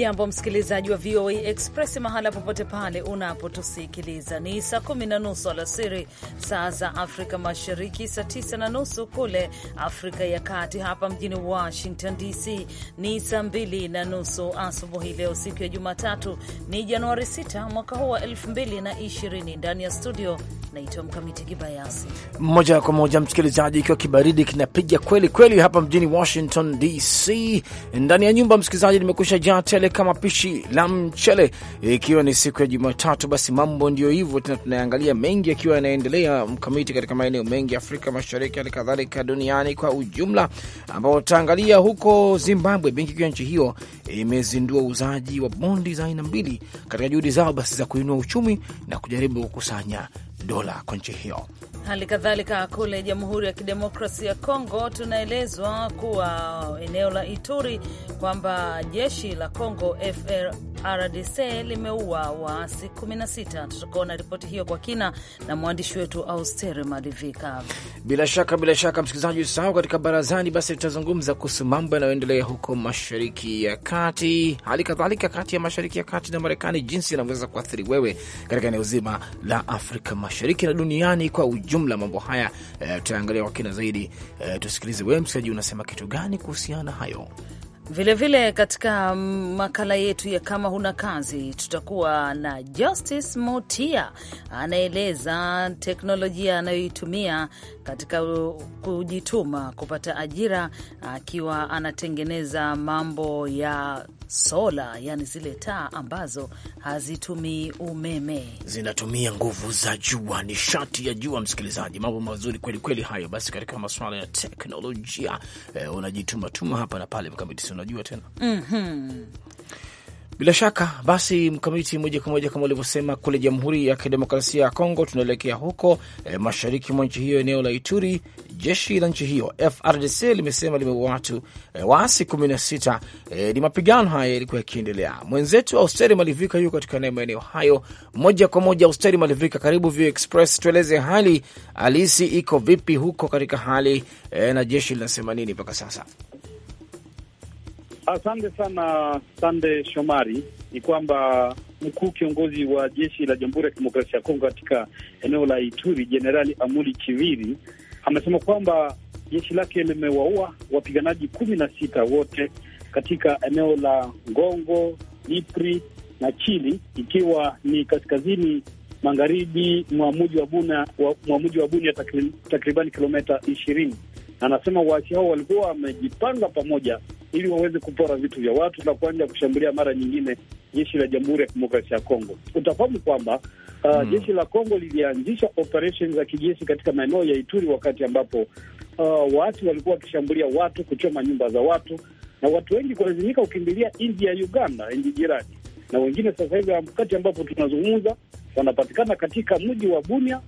Hujambo msikilizaji wa VOA Express mahala popote pale unapotusikiliza. Ni saa kumi na nusu alasiri saa za Afrika Mashariki, saa tisa na nusu kule Afrika ya Kati. Hapa mjini Washington DC ni saa mbili na nusu asubuhi. Leo siku ya Jumatatu ni Januari 6 mwaka huu wa 2020. Ndani ya studio naitwa Mkamiti Kibayasi. Moja kwa moja msikilizaji, ikiwa kibaridi kinapiga kweli kweli hapa mjini Washington DC, ndani ya nyumba msikilizaji, nimekusha jaa tele kupeleka mapishi la mchele, ikiwa ni siku ya Jumatatu. Basi mambo ndio hivyo tena, tunaangalia mengi yakiwa yanaendelea mkamiti katika maeneo mengi Afrika Mashariki, hali kadhalika duniani kwa ujumla, ambao tutaangalia huko Zimbabwe, benki kuu ya nchi hiyo imezindua uuzaji wa bondi za aina mbili katika juhudi zao basi za kuinua uchumi na kujaribu kukusanya dola kwa nchi hiyo. Hali kadhalika kule Jamhuri ya Kidemokrasia ya Kongo tunaelezwa kuwa eneo la Ituri kwamba jeshi la Kongo FR RDC limeua waasi 16. Tutakuona ripoti hiyo kwa kina na mwandishi wetu Austeri Malivika. Bila shaka, bila shaka, msikilizaji, usahau katika barazani, basi tutazungumza kuhusu mambo yanayoendelea huko mashariki ya kati, hali kadhalika kati ya mashariki ya kati na Marekani, jinsi yanavyoweza kuathiri wewe katika eneo zima la Afrika Mashariki na duniani kwa ujumla. Mambo haya eh, tutayaangalia kwa kina zaidi. Eh, tusikilize wewe msikilizaji, unasema kitu gani kuhusiana hayo? Vilevile vile katika makala yetu ya kama huna kazi, tutakuwa na Justice Motia anaeleza teknolojia anayoitumia katika kujituma kupata ajira, akiwa anatengeneza mambo ya sola, yani zile taa ambazo hazitumii umeme, zinatumia nguvu za jua, nishati ya jua. Msikilizaji, mambo mazuri kweli kweli hayo. Basi katika masuala ya teknolojia eh, unajitumatuma hapa na pale, mkamiti, si unajua tena mm -hmm. Bila shaka basi, mkamiti moja kwa moja kama ulivyosema, kule Jamhuri ya Kidemokrasia ya Kongo tunaelekea huko e, mashariki mwa nchi hiyo, eneo la Ituri. Jeshi la nchi hiyo FRDC limesema limeua watu e, waasi 16 E, eh, ni mapigano haya yalikuwa yakiendelea. Mwenzetu Austeri Malivika yuko katika maeneo hayo moja kwa moja. Austeri Malivika, karibu Vio Express, tueleze hali halisi iko vipi huko katika hali e, na jeshi linasema nini mpaka sasa? Asante sana Sande Shomari. Ni kwamba mkuu kiongozi wa jeshi la Jamhuri ya Kidemokrasia ya Kongo katika eneo la Ituri, Jenerali Amuli Chiviri amesema kwamba jeshi lake limewaua wapiganaji kumi na sita wote katika eneo la Ngongo, Ipri na Chili, ikiwa ni kaskazini magharibi mwa mji wa Bunia, wa Bunia takribani kilometa ishirini. Anasema waasi hao walikuwa wamejipanga pamoja ili waweze kupora vitu vya watu na kuanza kushambulia mara nyingine jeshi la Jamhuri ya Kidemokrasia ya Kongo. Utafahamu kwamba uh, mm. jeshi la Kongo lilianzisha operesheni za kijeshi katika maeneo ya Ituri wakati ambapo uh, watu walikuwa wakishambulia watu, kuchoma nyumba za watu, na watu wengi kulazimika kukimbilia nchi ya Uganda, nchi jirani, na wengine sasa hivi wakati ambapo tunazungumza wanapatikana katika mji wa Bunia,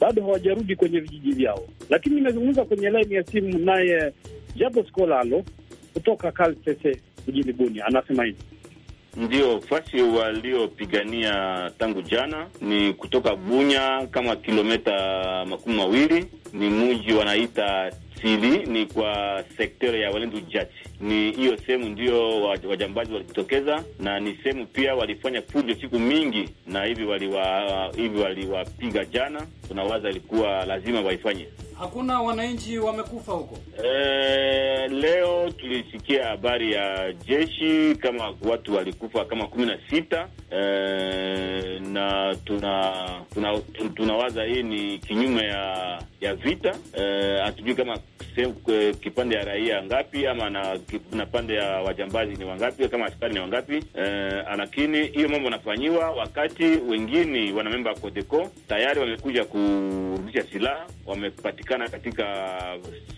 bado hawajarudi kwenye vijiji vyao. Lakini nimezungumza kwenye laini ya simu naye Jabo Skolalo kutoka Kalsese mjini Bunia, anasema hivi ndio fasi waliopigania tangu jana ni kutoka Bunya kama kilometa makumi mawili, ni muji wanaita Sili, ni kwa sekter ya Walendu Jati ni hiyo sehemu ndio wajambazi walijitokeza, na ni sehemu pia walifanya fujo siku mingi, na hivi waliwa hivi waliwapiga jana. Tunawaza ilikuwa lazima waifanye. Hakuna wananchi wamekufa huko. E, leo tulisikia habari ya jeshi kama watu walikufa kama kumi na sita. E, na tuna tuna tunawaza hii ni kinyume ya ya vita. Eh, hatujui e, kama sehemu kipande ya raia ngapi ama na na pande ya wajambazi ni wangapi, kama askari ni wangapi? Lakini eh, hiyo mambo nafanyiwa wakati wengine wanamemba wa Kodeko tayari wamekuja kurudisha silaha, wamepatikana katika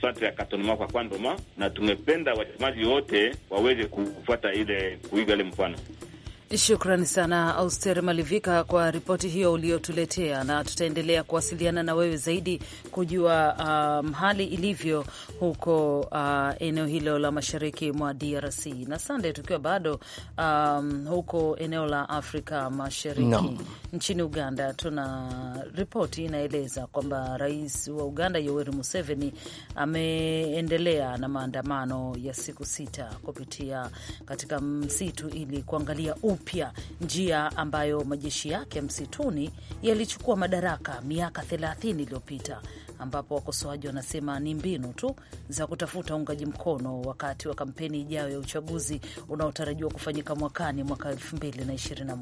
sante ya Katonoma kwa Kwandoma, na tungependa wajambazi wote waweze kufuata ile kuiga ile mfano. Shukrani sana Auster Malivika kwa ripoti hiyo uliotuletea, na tutaendelea kuwasiliana na wewe zaidi kujua um, hali ilivyo huko uh, eneo hilo la mashariki mwa DRC na Sande. Tukiwa bado um, huko eneo la Afrika Mashariki no. nchini Uganda, tuna ripoti inaeleza kwamba rais wa Uganda Yoweri Museveni ameendelea na maandamano ya siku sita kupitia katika msitu ili kuangalia upi upya njia ambayo majeshi yake msituni yalichukua madaraka miaka 30 iliyopita ambapo wakosoaji wanasema ni mbinu tu za kutafuta uungaji mkono wakati wa kampeni ijayo ya uchaguzi unaotarajiwa kufanyika mwakani mwaka 2021.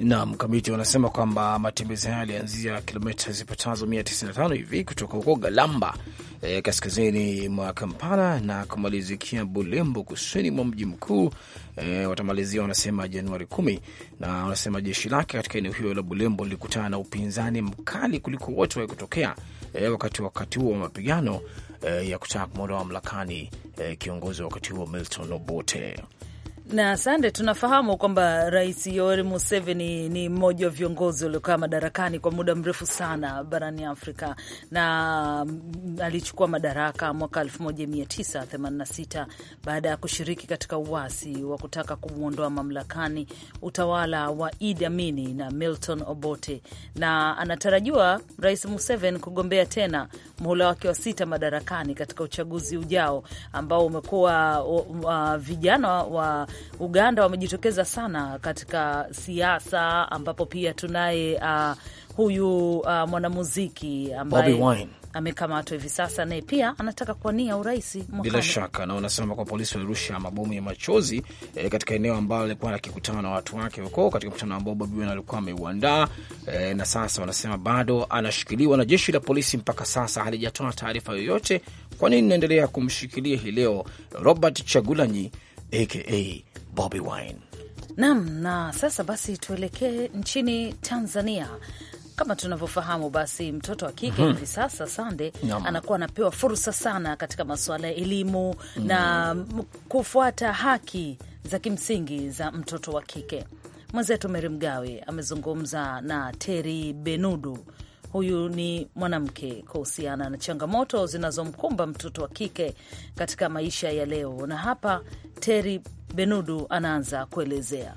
Naam, Kamiti wanasema kwamba matembezi haya yalianzia kilomita zipatazo mia tano hivi kutoka huko Galamba e, kaskazini mwa Kampala na kumalizikia Bulembo kusini mwa mji mkuu e, watamalizia wanasema Januari kumi, na wanasema jeshi lake katika eneo hilo la Bulembo lilikutana na upinzani mkali kuliko wote kutokea eh, wakati wakati huo wa mapigano eh, ya kutaka kumwondoa mamlakani eh, kiongozi wakati huo Milton Obote na asante. Tunafahamu kwamba Rais Yoweri Museveni ni mmoja wa viongozi waliokaa madarakani kwa muda mrefu sana barani Afrika, na mm, alichukua madaraka mwaka 1986 baada ya kushiriki katika uasi wa kutaka kumwondoa mamlakani utawala wa Idi Amini na Milton Obote, na anatarajiwa Rais Museveni kugombea tena muhula wake wa sita madarakani katika uchaguzi ujao ambao umekuwa uh, vijana wa Uganda wamejitokeza sana katika siasa, ambapo pia tunaye uh, huyu uh, mwanamuziki ambaye amekamatwa hivi sasa, naye pia anataka kuwania urais bila shaka, na wanasema kwa polisi walirusha mabomu ya machozi e, katika eneo ambalo alikuwa akikutana na watu wake huko katika mkutano ambao Bobi Wine alikuwa ameuandaa e, na sasa wanasema bado anashikiliwa na jeshi la polisi. Mpaka sasa halijatoa taarifa yoyote kwa nini naendelea kumshikilia hii leo Robert Chagulanyi aka Bobby Wine. Naam, na sasa basi tuelekee nchini Tanzania. Kama tunavyofahamu basi, mtoto wa kike mhm. hivi hmm, sasa Sande anakuwa anapewa fursa sana katika masuala ya elimu hmm, na kufuata haki za kimsingi za mtoto wa kike. Mwenzetu Meri Mgawe amezungumza na Teri Benudu, huyu ni mwanamke, kuhusiana na changamoto zinazomkumba mtoto wa kike katika maisha ya leo, na hapa Teri Benudu anaanza kuelezea.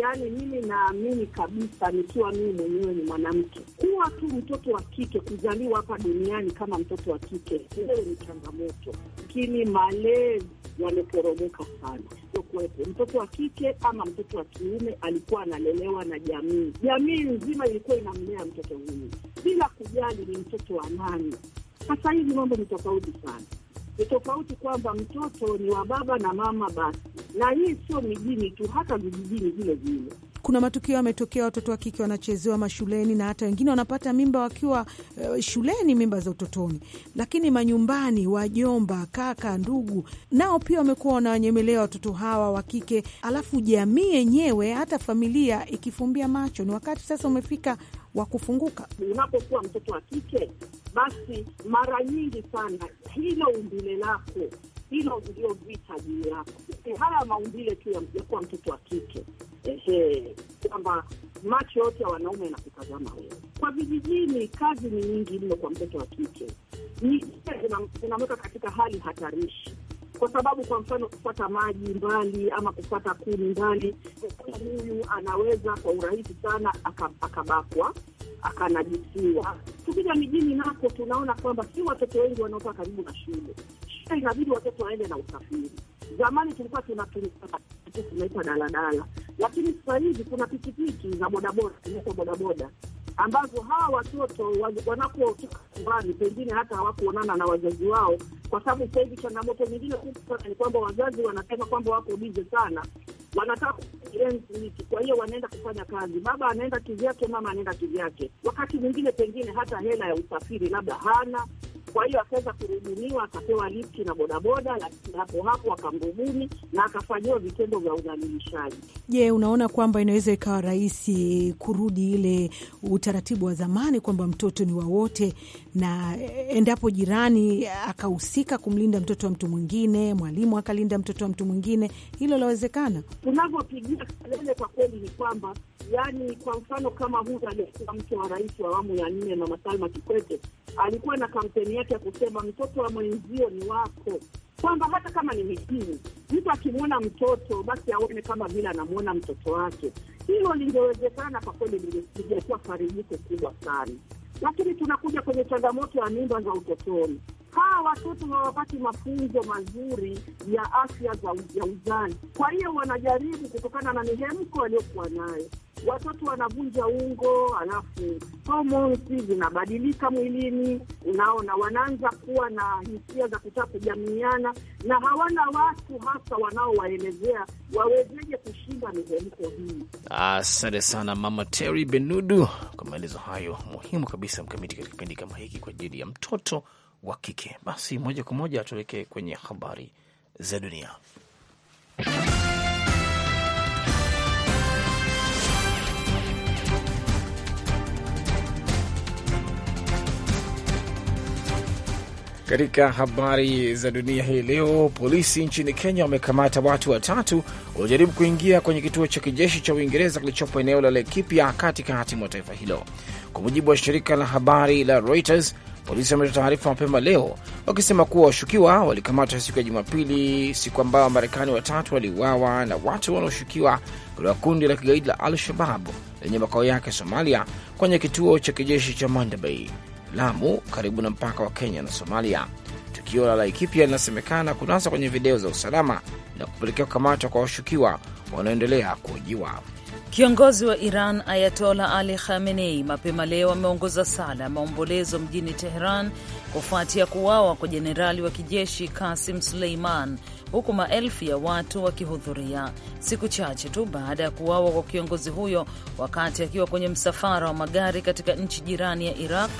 Yaani, mimi naamini kabisa, nikiwa mimi mwenyewe ni mwanamke, kuwa tu mtoto wa kike, kuzaliwa hapa duniani kama mtoto wa kike iwe ni changamoto, lakini malezi yameporomoka sana kuwepo mtoto wa kike ama mtoto wa kiume, alikuwa analelewa na jamii. Jamii nzima ilikuwa inamlea mtoto huyu bila kujali ni mtoto wa nani. Sasa hivi mambo ni tofauti sana ni tofauti kwamba mtoto ni wa baba na mama basi, na hii sio mijini tu, hata vijijini vile vile. Kuna matukio yametokea, watoto wa kike wanachezewa mashuleni na hata wengine wanapata mimba wakiwa uh, shuleni, mimba za utotoni. Lakini manyumbani, wajomba, kaka, ndugu nao pia wamekuwa wanawanyemelea watoto hawa wa kike, alafu jamii yenyewe, hata familia ikifumbia macho. Ni wakati sasa umefika wa kufunguka. Unapokuwa mtoto wa kike, basi mara nyingi sana hilo umbile lako hilo ndio vita juu yako. E, haya maumbile tu ya kuwa mtoto wa kike kwamba macho yote ya wanaume yanakutazama wewe. Kwa vijijini, kazi ni nyingi mno kwa mtoto wa kike, zinamweka katika hali hatarishi kwa sababu kwa mfano kupata maji mbali ama kupata kuni mbali, huyu anaweza kwa urahisi sana akabakwa akanajisiwa. Tukija mijini nako tunaona kwamba si watoto wengi wanaokaa karibu na shule, shule inabidi watoto waende na usafiri. Zamani tulikuwa tunaita daladala, lakini sasa hivi kuna pikipiki za bodaboda, tunaita bodaboda ambazo hawa watoto wanapotoka nyumbani pengine hata hawakuonana na wazazi wao, kwa sababu sasa hivi changamoto nyingine kubwa sana ni kwamba wazazi wanasema kwamba wako bize sana, wanataka kuiki, kwa hiyo wanaenda kufanya kazi, baba anaenda kivyake, mama anaenda kivyake, wakati mwingine pengine hata hela ya usafiri labda hana kwa hiyo akaweza kuhudumiwa, akapewa lifti na bodaboda, lakini hapo hapo akanguguni na akafanyiwa vitendo vya udhalilishaji. Je, unaona kwamba inaweza ikawa rahisi kurudi ile utaratibu wa zamani kwamba mtoto ni wa wote, na endapo jirani akahusika kumlinda mtoto wa mtu mwingine, mwalimu akalinda mtoto wa mtu mwingine, hilo lawezekana? Tunavyopigia kelele kwa kweli ni kwamba, yani, kwa mfano kama huyu aliyekuwa mke wa rais wa awamu ya nne Mama Salma Kikwete alikuwa na kampeni yake ya kusema mtoto wa mwenzio ni wako, kwamba hata kama ni mijini, mtu akimwona mtoto basi aone kama vile anamwona mtoto wake. Hilo lingewezekana kwa kweli, lingekuwa farijiko kubwa sana, lakini tunakuja kwenye changamoto ya mimba za utotoni. Hawa watoto hawapati mafunzo mazuri ya afya za uzazi, kwa hiyo wanajaribu kutokana na mihemko aliyokuwa nayo watoto wanavunja ungo, alafu homoni zinabadilika mwilini, unaona, wanaanza kuwa na hisia za kutaka kujamiiana, na hawana watu hasa wanaowaelezea wawezeje kushinda mihemko hii. Asante sana Mama Terry Benudu kwa maelezo hayo muhimu kabisa, mkamiti katika kipindi kama hiki kwa ajili ya mtoto wa kike. Basi moja kwa moja tuelekee kwenye habari za dunia. Katika habari za dunia hii leo, polisi nchini Kenya wamekamata watu watatu waliojaribu kuingia kwenye kituo cha kijeshi cha Uingereza kilichopo eneo la Laikipia katikati mwa taifa hilo. Kwa mujibu wa shirika la habari la Reuters, polisi wametoa taarifa mapema leo wakisema kuwa washukiwa walikamatwa siku ya Jumapili, siku ambayo Wamarekani watatu waliuawa na watu wanaoshukiwa kutoka kundi la kigaidi la Al-Shabab lenye makao yake Somalia kwenye kituo cha kijeshi cha mandebay Lamu karibu na mpaka wa Kenya na Somalia. Tukio la Laikipia linasemekana kunasa kwenye video za usalama na kupelekea kukamatwa kwa washukiwa wanaoendelea kuhojiwa. Kiongozi wa Iran Ayatola Ali Khamenei mapema leo ameongoza sala ya maombolezo mjini Teheran kufuatia kuuawa kwa jenerali wa kijeshi Kasim Suleiman, huku maelfu ya watu wakihudhuria siku chache tu baada ya kuuawa kwa kiongozi huyo wakati akiwa kwenye msafara wa magari katika nchi jirani ya Iraq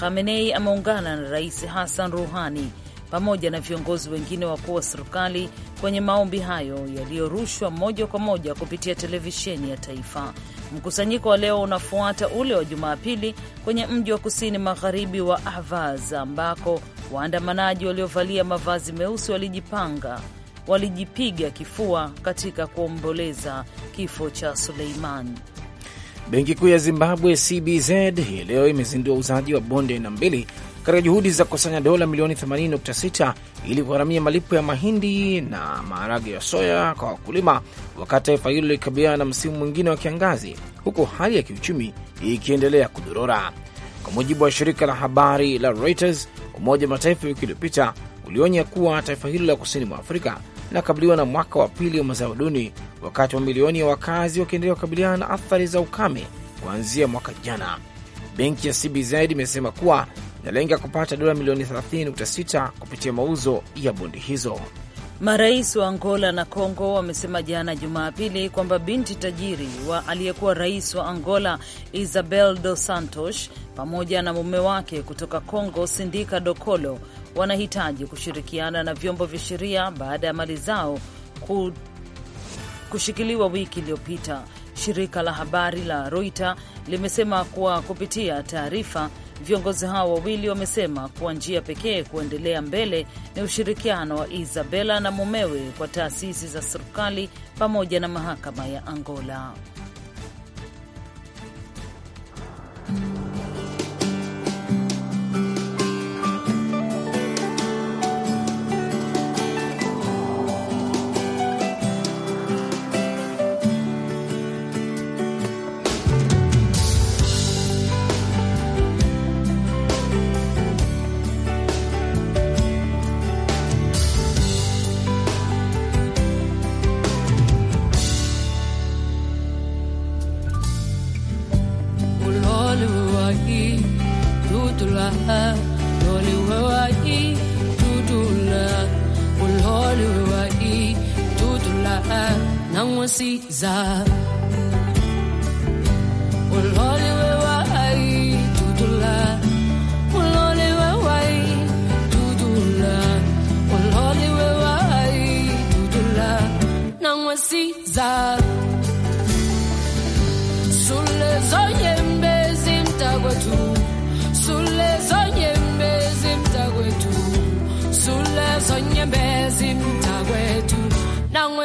Khamenei ameungana na Rais Hassan Rouhani pamoja na viongozi wengine wakuu wa serikali kwenye maombi hayo yaliyorushwa moja kwa moja kupitia televisheni ya taifa. Mkusanyiko wa leo unafuata ule wa Jumapili kwenye mji wa kusini magharibi wa Ahvaz, ambako waandamanaji waliovalia mavazi meusi walijipanga walijipiga kifua katika kuomboleza kifo cha Suleiman. Benki Kuu ya Zimbabwe, CBZ, hii leo imezindua uzaji wa bonde na mbili katika juhudi za kukusanya dola milioni 80.6 ili kugharamia malipo ya mahindi na maharage ya soya kwa wakulima, wakati taifa hilo lilikabiliana na msimu mwingine wa kiangazi, huku hali ya kiuchumi ikiendelea kudorora. Kwa mujibu wa shirika la habari la Reuters, Umoja wa Mataifa wiki iliyopita ulionya kuwa taifa hilo la kusini mwa Afrika linakabiliwa na mwaka wa pili wa mazao duni, wakati mamilioni ya wakazi wakiendelea kukabiliana na athari za ukame kuanzia mwaka jana. Benki ya CBZ imesema kuwa inalenga kupata dola milioni 30.6 kupitia mauzo ya bondi hizo. Marais wa Angola na congo wamesema jana Jumapili kwamba binti tajiri wa aliyekuwa rais wa Angola Isabel dos Santos pamoja na mume wake kutoka congo Sindika Dokolo wanahitaji kushirikiana na vyombo vya sheria baada ya mali zao ku kushikiliwa wiki iliyopita. Shirika la habari la Reuters limesema kuwa kupitia taarifa, viongozi hao wawili wamesema kuwa njia pekee kuendelea mbele ni ushirikiano wa Isabela na mumewe kwa taasisi za serikali pamoja na mahakama ya Angola. wai tutula loli we wai tutula uloli we wai tutula namwasiza uloli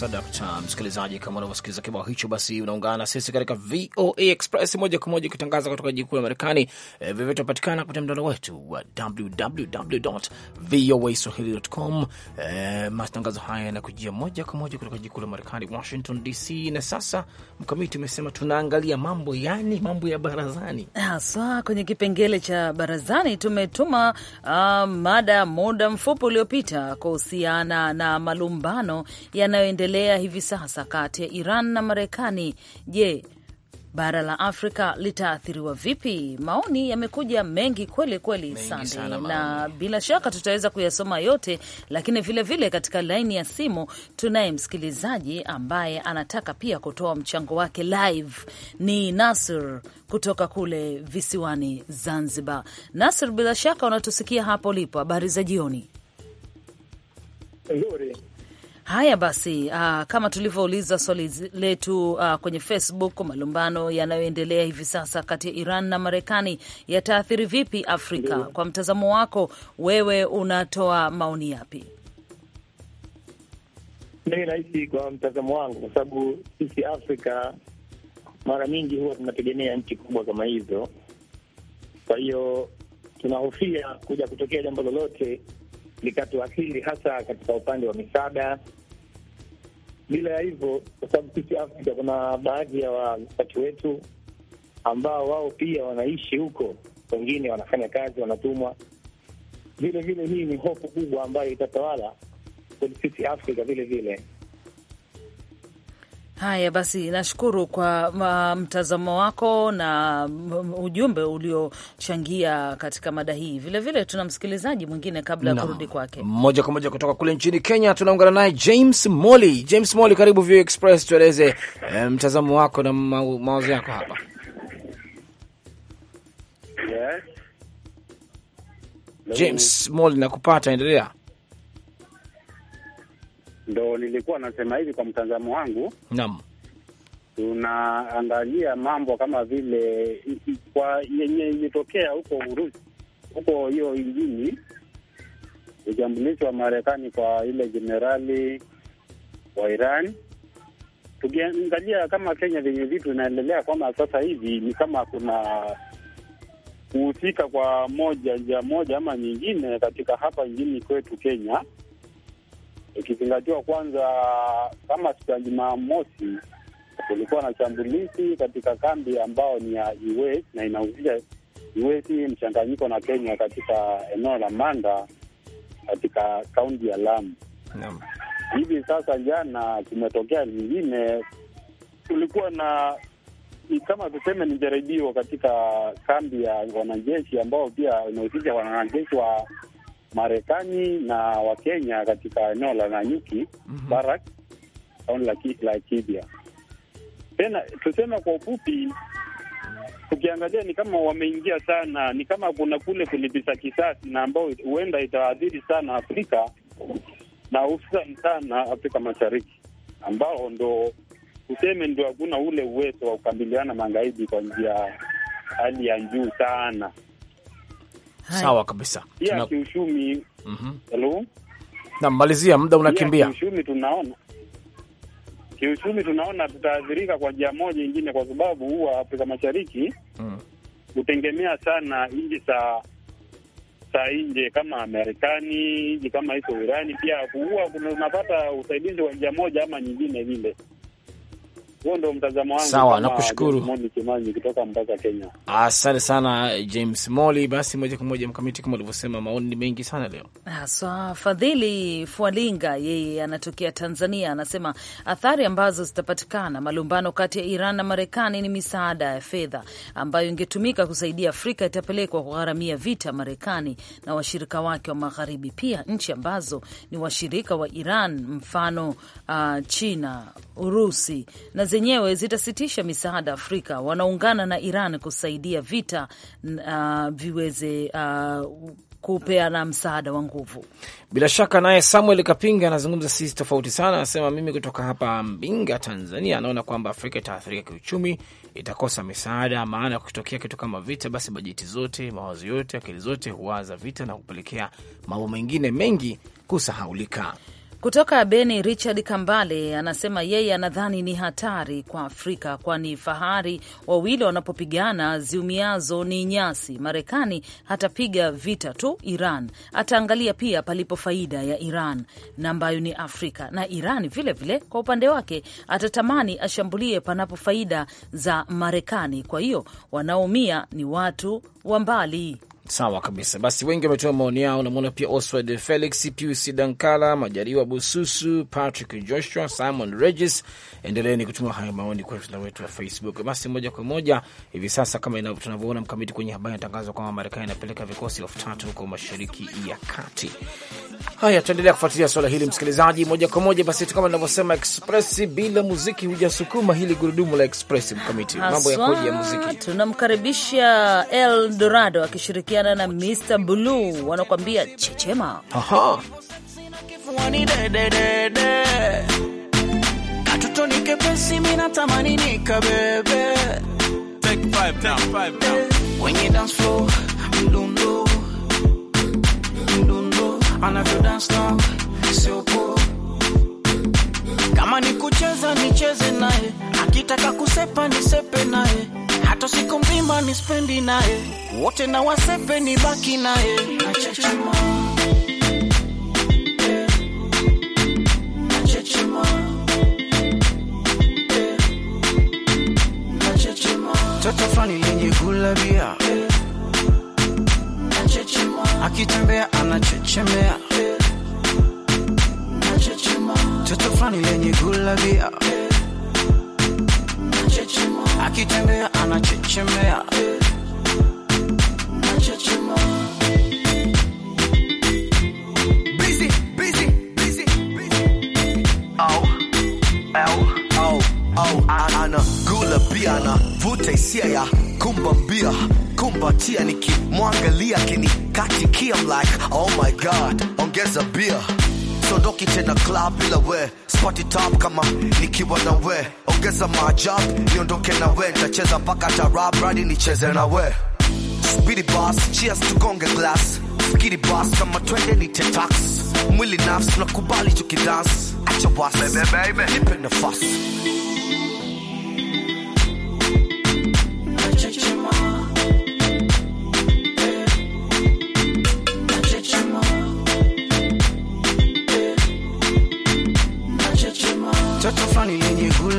Seduction. msikilizaji, kama unavyosikiliza kibao hicho, basi unaungana na sisi katika VOA Express moja kwa moja ikitangaza kutoka jiji kuu la Marekani. E, vivyo tunapatikana kupitia mtandao wetu wa www.voaswahili.com. Eh, matangazo haya yanakujia moja kwa moja kutoka jiji kuu la Marekani, Washington DC. Na sasa mkamiti umesema tunaangalia mambo yani, mambo ya barazani haswa. kwenye kipengele cha barazani tumetuma uh, mada muda mfupi uliopita kuhusiana na malumbano yanayoendelea hivi sasa sasa kati ya Iran na Marekani. Je, bara la Afrika litaathiriwa vipi? Maoni yamekuja mengi kweli kweli, Sande, na bila shaka tutaweza kuyasoma yote, lakini vilevile vile katika laini ya simu tunaye msikilizaji ambaye anataka pia kutoa mchango wake live. Ni Nasr kutoka kule visiwani Zanzibar. Nasr, bila shaka unatusikia hapo ulipo, habari za jioni. Nzuri. Haya basi, uh, kama tulivyouliza swali letu uh, kwenye Facebook, malumbano yanayoendelea hivi sasa kati ya Iran na Marekani yataathiri vipi Afrika? Kwa mtazamo wako wewe, unatoa maoni yapi? Mimi nahisi kwa mtazamo wangu, kwa sababu sisi Afrika mara nyingi huwa tunategemea nchi kubwa kama hizo, kwa hiyo tunahofia kuja kutokea jambo lolote likatuathiri, hasa katika upande wa misaada bila ya hivyo, kwa sababu sisi Afrika kuna baadhi ya wakati wetu ambao wao pia wanaishi huko, wengine wanafanya kazi, wanatumwa vile vile. Hii ni hofu kubwa ambayo itatawala kwa sisi Afrika vile vile Haya basi, nashukuru kwa mtazamo wako na ujumbe uliochangia katika mada hii. Vilevile tuna msikilizaji mwingine kabla ya no. kurudi kwake, moja kwa moja kutoka kule nchini Kenya. Tunaungana naye James Moli. James Moli, karibu VOA Express, tueleze eh, mtazamo wako na ma mawazo yako hapa. Yes. James Moli, nakupata, endelea ndo nilikuwa nasema hivi, kwa mtazamo wangu naam, tunaangalia mambo kama vile kwa yenye imetokea huko Urusi, huko hiyo injini utambulishi wa Marekani kwa ile jenerali wa Iran. Tukiangalia kama Kenya vyenye vitu inaendelea, kwama sasa hivi ni kama kuna kuhusika kwa moja njia moja ama nyingine katika hapa nchini kwetu Kenya ikizingatiwa kwanza, kama siku ya Jumamosi kulikuwa na shambulizi katika kambi ambao ni ya US na inahusisha US mchanganyiko na Kenya katika eneo la Manda katika kaunti ya Lamu. Naam. Hivi sasa jana kumetokea lingine, kulikuwa na ni kama tuseme ni jaribio katika kambi ya wanajeshi ambao pia inahusisha wanajeshi wa Marekani na Wakenya katika eneo la Nanyuki mm -hmm. Barak tauni la, la Kibia. Tena tuseme kwa ufupi, tukiangalia ni kama wameingia sana, ni kama kuna kule kulipisa kisasi na ambayo huenda itaadhiri sana Afrika na hususani sana Afrika Mashariki ambao ndo tuseme ndio hakuna ule uwezo wa kukabiliana magaidi kwa njia hali ya juu sana. Sawa kabisa Tuna... kiuchumi mm -hmm. na malizia, muda unakimbia. Kiuchumi tunaona kiuchumi tunaona tutaathirika kwa njia moja ingine, kwa sababu huwa Afrika Mashariki mm. hutegemea mm. sana nchi za sa nje kama Marekani, nchi kama hizo Irani, pia huwa unapata usaidizi wa njia moja ama nyingine vile huo ndio mtazamo wangu. Sawa, nakushukuru kutoka Mombasa, Kenya. Asante sana James Molly. Basi moja kwa moja mkamiti, kama ulivyosema, maoni ni mengi sana leo haswa. Fadhili fualinga yeye anatokea Tanzania, anasema athari ambazo zitapatikana malumbano kati ya Iran na Marekani ni misaada ya fedha ambayo ingetumika kusaidia Afrika itapelekwa kugharamia vita Marekani na washirika wake wa Magharibi, pia nchi ambazo ni washirika wa Iran, mfano uh, China Urusi na zenyewe zitasitisha misaada Afrika. Wanaungana na Iran kusaidia vita uh, viweze uh, kupeana msaada wa nguvu. Bila shaka, naye Samuel Kapinga anazungumza sisi tofauti sana, anasema mimi kutoka hapa Mbinga, Tanzania, anaona kwamba Afrika itaathirika kiuchumi, itakosa misaada, maana ya kukitokea kitu kama vita, basi bajeti zote, mawazo yote, akili zote huwaza vita na kupelekea mambo mengine mengi kusahaulika. Kutoka Beni, Richard Kambale anasema yeye anadhani ni hatari kwa Afrika, kwani fahari wawili wanapopigana ziumiazo ni nyasi. Marekani hatapiga vita tu Iran, ataangalia pia palipo faida ya Iran na ambayo ni Afrika, na Iran vilevile vile, kwa upande wake atatamani ashambulie panapo faida za Marekani. Kwa hiyo wanaoumia ni watu wa mbali. Sawa kabisa. Basi wengi wametoa maoni yao. Namwona pia Oswald Felix, Pius Dankala, Majariwa Bususu, Patrick Joshua, Simon Regis. Endeleeni kutuma haya maoni kwenye mtandao wetu wa Facebook. Basi moja kwa moja hivi sasa, kama tunavyoona mkamiti kwenye habari, inatangazwa kwamba Marekani inapeleka vikosi elfu tatu huko mashariki ya kati. Haya, tuendelea kufuatilia swala hili msikilizaji, moja kwa moja. Basi kama inavyosema Express bila muziki hujasukuma hili gurudumu la Express. Mkamiti, mambo ya yakoje ya muziki? Tunamkaribisha Eldorado akishirikiana kushirikiana na Mr Blue wanakuambia chechema. Aha. Kama ni kucheza nicheze naye, akitaka kusepa nisepe naye hata siku mzima ni spendi naye wote na wasepe ni baki naye nachechema nachechema toto fani lenye gulabia akitembea anachechemea toto fani lenye gulabia akitembea anachechemea anagula pia hisia ya kumbambia kumbatia, nikimwangalia kinikatikia, like oh my god, ongeza bia Siondoki tena club bila we spati tap kama nikiwa na we, ongeza majab niondoke na we, ntacheza mpaka tarab radi nicheze na we. Speedy boss, cheers tugonge glass, fikiri boss kama twende nite tetax mwili nafsi kubali chukidance acha baby nipe nafasi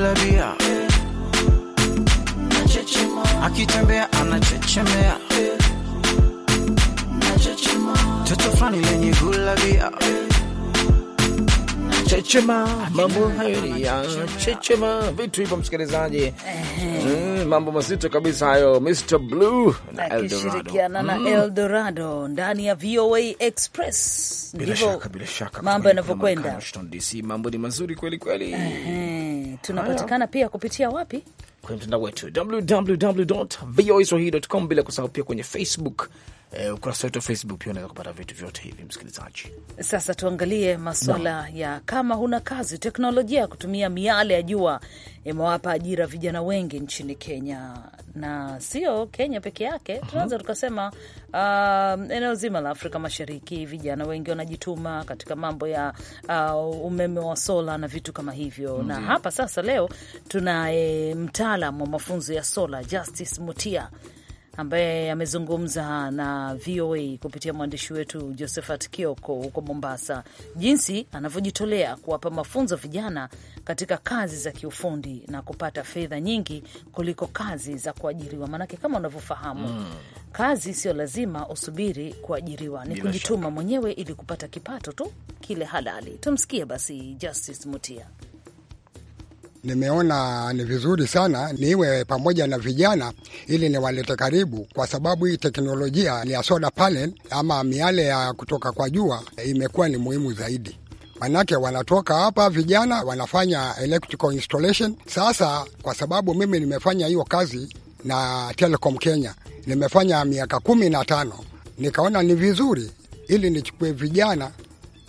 bila bia, akitembea anachechemea, toto fulani lenye gula bia Chechema, mambo hayo ya chechema, vitu hivyo msikilizaji. Mm, mambo mazito kabisa hayo, Mr Blue na akishirikiana na Eldorado mm. ndani ya VOA Express. bila shaka, Ndivyo mambo yanavyokwenda. Washington DC, mambo ni mazuri kweli kweli tunapatikana pia kupitia wapi? Kwenye mtandao wetu www voa bila kusahau pia kwenye Facebook eh, ukurasa wetu wa Facebook pia unaweza kupata vitu vyote hivi, msikilizaji. Sasa tuangalie masuala no. ya kama huna kazi. Teknolojia ya kutumia miale ya jua imewapa ajira vijana wengi nchini Kenya, na sio Kenya peke yake, mhm. tunaweza tukasema uh, eneo zima la Afrika Mashariki, vijana wengi wanajituma katika mambo ya uh, umeme wa sola na vitu kama hivyo mm -hmm. Na hapa sasa leo tunaye mtaalam wa mafunzo ya sola Justice Mutia ambaye amezungumza na VOA kupitia mwandishi wetu Josephat Kioko huko Mombasa, jinsi anavyojitolea kuwapa mafunzo vijana katika kazi za kiufundi na kupata fedha nyingi kuliko kazi za kuajiriwa. Maanake kama unavyofahamu mm, kazi sio lazima usubiri kuajiriwa, ni kujituma mwenyewe ili kupata kipato tu kile halali. Tumsikie basi Justice Mutia nimeona ni vizuri sana niwe pamoja na vijana ili niwalete karibu, kwa sababu hii teknolojia ya solar panel ama miale ya kutoka kwa jua eh, imekuwa ni muhimu zaidi. Manake wanatoka hapa vijana wanafanya electrical installation. Sasa kwa sababu mimi nimefanya hiyo kazi na Telecom Kenya, nimefanya miaka kumi na tano, nikaona ni vizuri ili nichukue vijana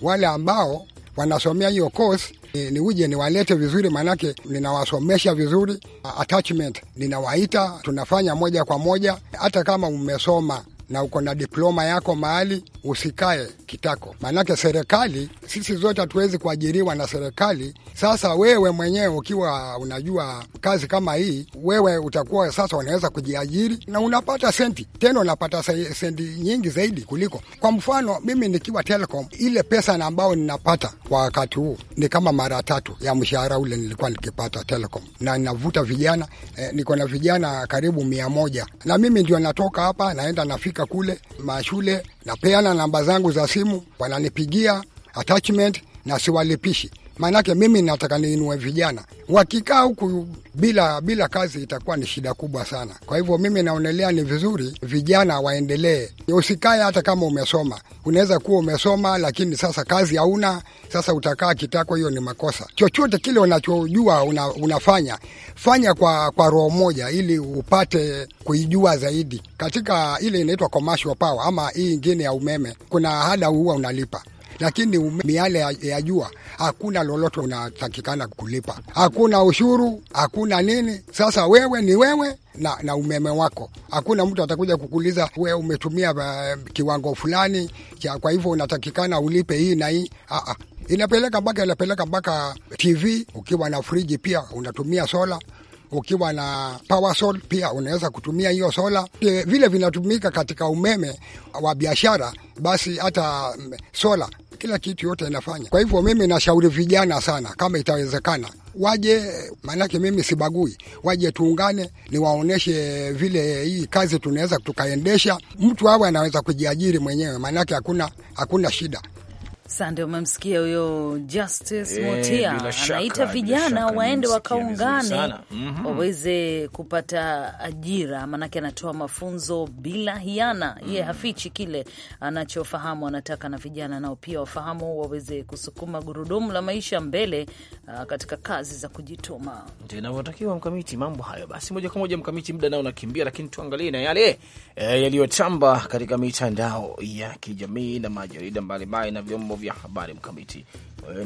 wale ambao wanasomea hiyo course ni, niuje niwalete vizuri, maanake ninawasomesha vizuri attachment, ninawaita tunafanya moja kwa moja, hata kama umesoma na uko na diploma yako mahali usikae kitako, maanake serikali, sisi zote hatuwezi kuajiriwa na serikali. Sasa wewe mwenyewe ukiwa unajua kazi kama hii, wewe utakuwa sasa unaweza kujiajiri na unapata senti tena, unapata senti nyingi zaidi kuliko, kwa mfano mimi nikiwa Telecom, ile pesa ambayo ninapata kwa wakati huu ni kama mara tatu ya mshahara ule nilikuwa nikipata Telecom, na ninavuta vijana eh, niko na vijana karibu mia moja na mimi ndio natoka hapa naenda nafika kule mashule napeana namba zangu za simu, wananipigia attachment na siwalipishi. Maanake mimi nataka niinue vijana. Wakikaa huku bila bila kazi itakuwa ni shida kubwa sana. Kwa hivyo mimi naonelea ni vizuri vijana waendelee. Usikae hata kama umesoma, unaweza kuwa umesoma lakini sasa kazi hauna, sasa utakaa kitako, hiyo ni makosa. Chochote kile unachojua una, unafanya fanya kwa, kwa roho moja, ili upate kuijua zaidi. Katika ile inaitwa commercial power ama hii ingine ya umeme, kuna hada huwa unalipa lakini miale ya, ya jua hakuna lolote unatakikana kulipa, hakuna ushuru, hakuna nini. Sasa wewe ni wewe na, na umeme wako, hakuna mtu atakuja kukuuliza we umetumia uh, kiwango fulani cha, kwa hivyo unatakikana ulipe hii na hii Inapeleka mpaka inapeleka mpaka TV. Ukiwa na friji pia unatumia sola ukiwa na power sol pia unaweza kutumia hiyo sola vile, vinatumika katika umeme wa biashara. Basi hata mm, sola kila kitu yote inafanya. Kwa hivyo mimi nashauri vijana sana, kama itawezekana waje, maanake mimi sibagui, waje tuungane, niwaoneshe vile hii kazi tunaweza tukaendesha, mtu awe anaweza kujiajiri mwenyewe, maanake hakuna hakuna shida. Sande, umemsikia huyo Justice e, Motia anaita vijana waende wakaungane mhm. waweze mm -hmm. kupata ajira, maanake anatoa mafunzo bila hiana mm -hmm. ye hafichi kile anachofahamu, anataka na vijana nao pia wafahamu, waweze kusukuma gurudumu la maisha mbele uh, katika kazi za kujituma, ndio inavyotakiwa mkamiti mambo hayo. Basi moja kwa moja mkamiti, muda nao unakimbia, lakini tuangalie na yale e, yaliyotamba katika mitandao ya kijamii na majarida mbalimbali na vyombo vya habari mkamiti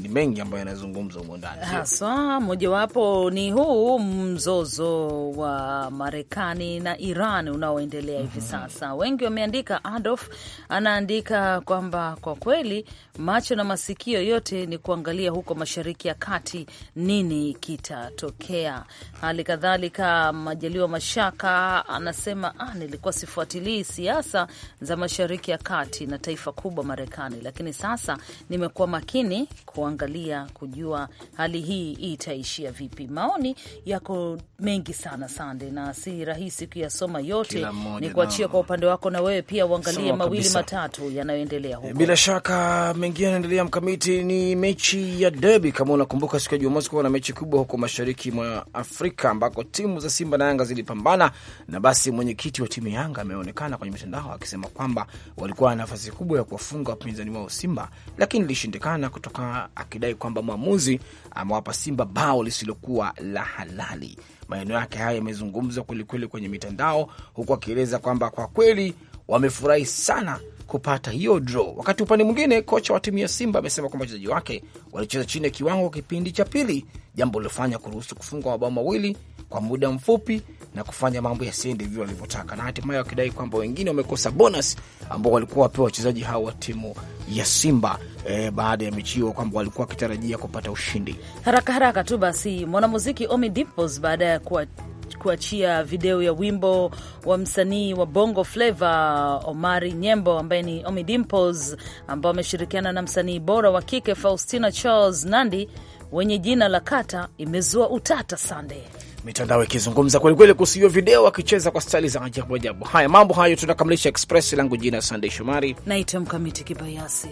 ni mengi ambayo yanazungumza humo ndani haswa. Mojawapo ni huu mzozo wa Marekani na Iran unaoendelea hivi mm -hmm. Sasa wengi wameandika. Adolf anaandika kwamba kwa kweli macho na masikio yote ni kuangalia huko Mashariki ya Kati nini kitatokea. Hali kadhalika Majaliwa Mashaka anasema ah, nilikuwa sifuatilii siasa za Mashariki ya Kati na taifa kubwa Marekani, lakini sasa nimekuwa makini kuangalia kujua hali hii itaishia vipi. Maoni yako mengi sana Sande, na si rahisi kuyasoma yote, ni kuachia kwa upande wako, na wewe pia uangalie mawili kabisa, matatu yanayoendelea huko. Bila shaka mengine yanaendelea, mkamiti ni mechi ya derby. Kama unakumbuka siku ya Jumamosi kuwa na mechi kubwa huko mashariki mwa Afrika ambako timu za Simba na Yanga zilipambana, na basi mwenyekiti wa timu ya Yanga ameonekana kwenye mitandao akisema kwamba walikuwa na nafasi kubwa ya kuwafunga wapinzani wao Simba lakini ilishindikana kutoka akidai kwamba mwamuzi amewapa Simba bao lisilokuwa la halali. Maneno yake haya yamezungumzwa kwelikweli kwenye mitandao, huku akieleza kwamba kwa kweli wamefurahi sana kupata hiyo draw. Wakati upande mwingine, kocha wa timu ya Simba amesema kwamba wachezaji wake walicheza chini ya kiwango kipindi cha pili, jambo lilofanya kuruhusu kufungwa mabao mawili kwa muda mfupi na kufanya mambo yasiende vile walivyotaka, na hatimaye wakidai kwamba wengine wamekosa bonus ambao walikuwa wapewa wachezaji hao wa timu ya Simba eh, baada ya mechi hiyo kwamba walikuwa wakitarajia kupata ushindi. Haraka haraka tu basi, mwanamuziki Omi Dimples baada ya kuwa kuachia video ya wimbo wa msanii wa Bongo Flava Omari Nyembo ambaye ni Omi Dimples, ambao ameshirikiana na msanii bora wa kike Faustina Charles Nandi wenye jina la Kata imezua utata Sunday mitandao ikizungumza kwelikweli kuhusu hiyo video akicheza kwa stali za ajabu ajabu. Haya, mambo hayo tunakamilisha Express langu, jina Sandey Shomari naita Mkamiti Kibayasi.